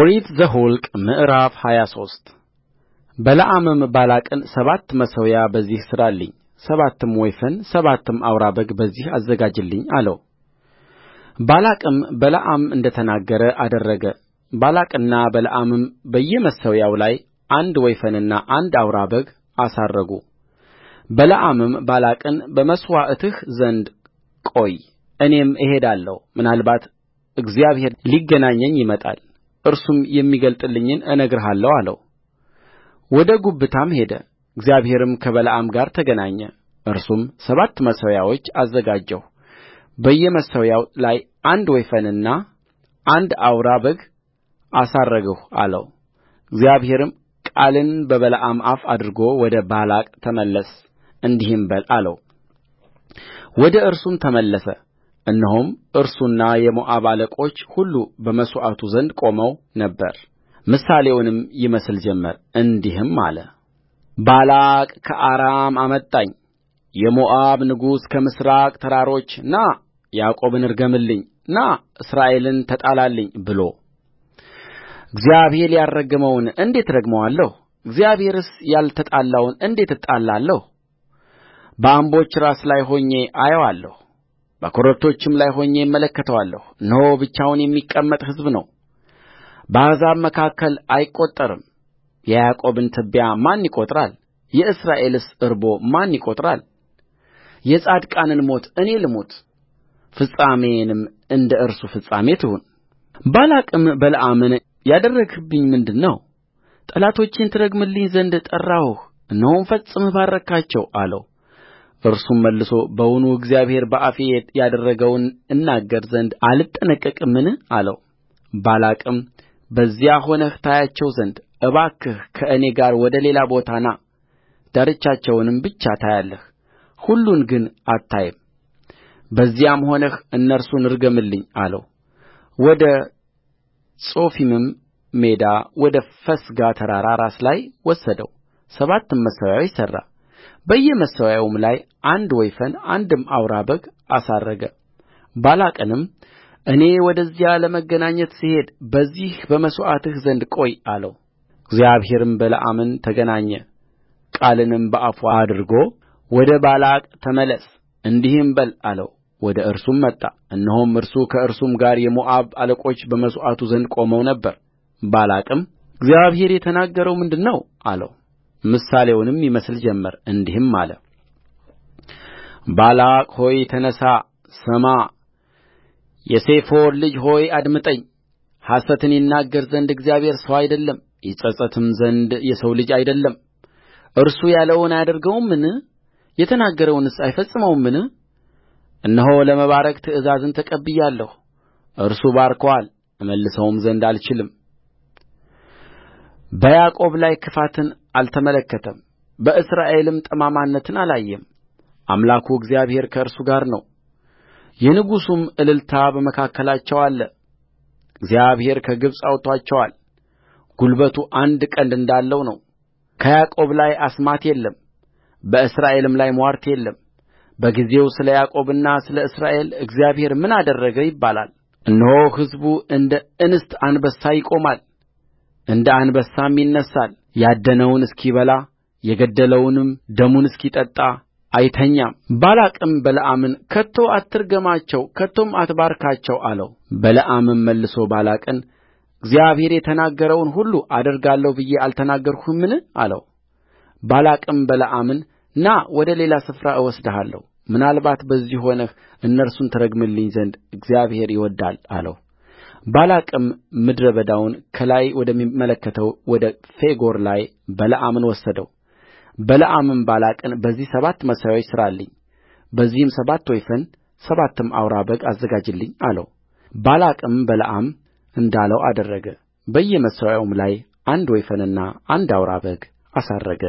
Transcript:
ኦሪት ዘኍልቍ ምዕራፍ ሃያ ሶስት በለዓምም ባላቅን ሰባት መሠዊያ በዚህ ሥራልኝ ሰባትም ወይፈን ሰባትም አውራ በግ በዚህ አዘጋጅልኝ አለውባላቅም በለዓም እንደ ተናገረ አደረገ ባላቅና በለዓምም በየመሠዊያው ላይ አንድ ወይፈንና አንድ አውራ በግ አሳረጉ በለዓምም ባላቅን በመሥዋዕትህ ዘንድ ቆይ እኔም እሄዳለሁ ምናልባት እግዚአብሔር ሊገናኘኝ ይመጣል እርሱም የሚገልጥልኝን እነግርሃለሁ አለው ወደ ጉብታም ሄደ እግዚአብሔርም ከበለዓም ጋር ተገናኘ እርሱም ሰባት መሠዊያዎች አዘጋጀሁ በየመሠዊያው ላይ አንድ ወይፈንና አንድ አውራ በግ አሳረግሁ አለው እግዚአብሔርም ቃልን በበለዓም አፍ አድርጎ ወደ ባላቅ ተመለስ እንዲህም በል አለው ወደ እርሱም ተመለሰ እነሆም እርሱና የሞዓብ አለቆች ሁሉ በመሥዋዕቱ ዘንድ ቆመው ነበር ምሳሌውንም ይመስል ጀመር እንዲህም አለባላቅ ከአራም አመጣኝ የሞዓብ ንጉሥ ከምሥራቅ ተራሮች ና ያዕቆብን ርገምልኝ ና እስራኤልን ተጣላልኝ ብሎ እግዚአብሔር ያልረገመውን እንዴት እረግመዋለሁ እግዚአብሔርስ ያልተጣላውን እንዴት እጣላለሁ በአምቦች ራስ ላይ ሆኜ አየዋለሁ በኮረብቶችም ላይ ሆኜ እመለከተዋለሁ እነሆ ብቻውን የሚቀመጥ ሕዝብ ነው በአሕዛብ መካከል አይቈጠርም የያዕቆብን ትቢያ ማን ይቈጥራል የእስራኤልስ እርቦ ማን ይቈጥራል የጻድቃንን ሞት እኔ ልሙት ፍጻሜዬንም እንደ እርሱ ፍጻሜ ትሁን ባላቅም በለዓምን ያደረግህብኝ ምንድር ነው ጠላቶቼን ትረግምልኝ ዘንድ ጠራሁህ እነሆም ፈጽመህ ባረክሃቸው አለው እርሱም መልሶ በውኑ እግዚአብሔር በአፌ ያደረገውን እናገር ዘንድ አልጠነቀቅምን ባላቅም በዚያ ሆነህ ታያቸው ዘንድ እባክህ ከእኔ ጋር ወደ ሌላ ቦታ ና ዳርቻቸውንም ብቻ ታያለህ ሁሉን ግን አታይም በዚያም ሆነህ እነርሱን ርገምልኝ አለው ወደ ጾፊምም ሜዳ ወደ ፈስጋ ተራራ ራስ ላይ ወሰደው ሰባትም መሠዊያዎች ሠራ በየመሠዊያውም ላይ አንድ ወይፈን አንድም አውራ በግ አሳረገ ባላቅንም እኔ ወደዚያ ለመገናኘት ስሄድ በዚህ በመሥዋዕትህ ዘንድ ቆይ አለውእግዚአብሔርም በለዓምን ተገናኘ ቃልንም በአፉ አድርጎ ወደ ባላቅ ተመለስ እንዲህም በል አለው ወደ እርሱም መጣ እነሆም እርሱ ከእርሱም ጋር የሞዓብ አለቆች በመሥዋዕቱ ዘንድ ቆመው ነበር ባላቅም እግዚአብሔር የተናገረው ምንድር ነው አለው ምሳሌውንም ይመስል ጀመር እንዲህም አለባላቅ ሆይ ተነሣ ስማ የሴፎር ልጅ ሆይ አድምጠኝ ሐሰትን ይናገር ዘንድ እግዚአብሔር ሰው አይደለም፣ ይጸጸትም ዘንድ የሰው ልጅ አይደለም። እርሱ ያለውን አያደርገውምን? የተናገረውንስ አይፈጽመውምን? እነሆ ለመባረክ ትእዛዝን ተቀብያለሁ፣ እርሱ ባርኮአል፣ እመልሰውም ዘንድ አልችልም። በያዕቆብ ላይ ክፋትን አልተመለከተም በእስራኤልም ጠማምነትን አላየም አምላኩ እግዚአብሔር ከእርሱ ጋር ነው የንጉሡም እልልታ በመካከላቸው አለ። እግዚአብሔር ከግብፅ አውጥቶአቸዋል ጕልበቱ አንድ ቀንድ እንዳለው ነው ከያዕቆብ ላይ አስማት የለም በእስራኤልም ላይ ምዋርት የለም በጊዜው ስለ ያዕቆብና ስለ እስራኤል እግዚአብሔር ምን አደረገ ይባላል እነሆ ሕዝቡ እንደ እንስት አንበሳ ይቆማል እንደ አንበሳም ይነሣል ያደነውን እስኪበላ የገደለውንም ደሙን እስኪጠጣ አይተኛም ባላቅም በለዓምን ከቶ አትርገማቸው ከቶም አትባርካቸው አለውበለዓምም መልሶ ባላቅን እግዚአብሔር የተናገረውን ሁሉ አደርጋለሁ ብዬ አልተናገርሁህምን አለውባላቅም በለዓምን ና ወደ ሌላ ስፍራ እወስድሃለሁ ምናልባት በዚህ ሆነህ እነርሱን ትረግምልኝ ዘንድ እግዚአብሔር ይወድዳል አለው ባላቅም ምድረ በዳውን ከላይ ወደሚመለከተው ወደ ፌጎር ላይ በለዓምን ወሰደው በለዓምም ባላቅን በዚህ ሰባት መሠዊያዎች ሥራልኝ በዚህም ሰባት ወይፈን ሰባትም አውራ በግ አዘጋጅልኝ አለውባላቅም በለዓም እንዳለው አደረገ በየመሠዊያውም ላይ አንድ ወይፈንና አንድ አውራ በግ አሳረገ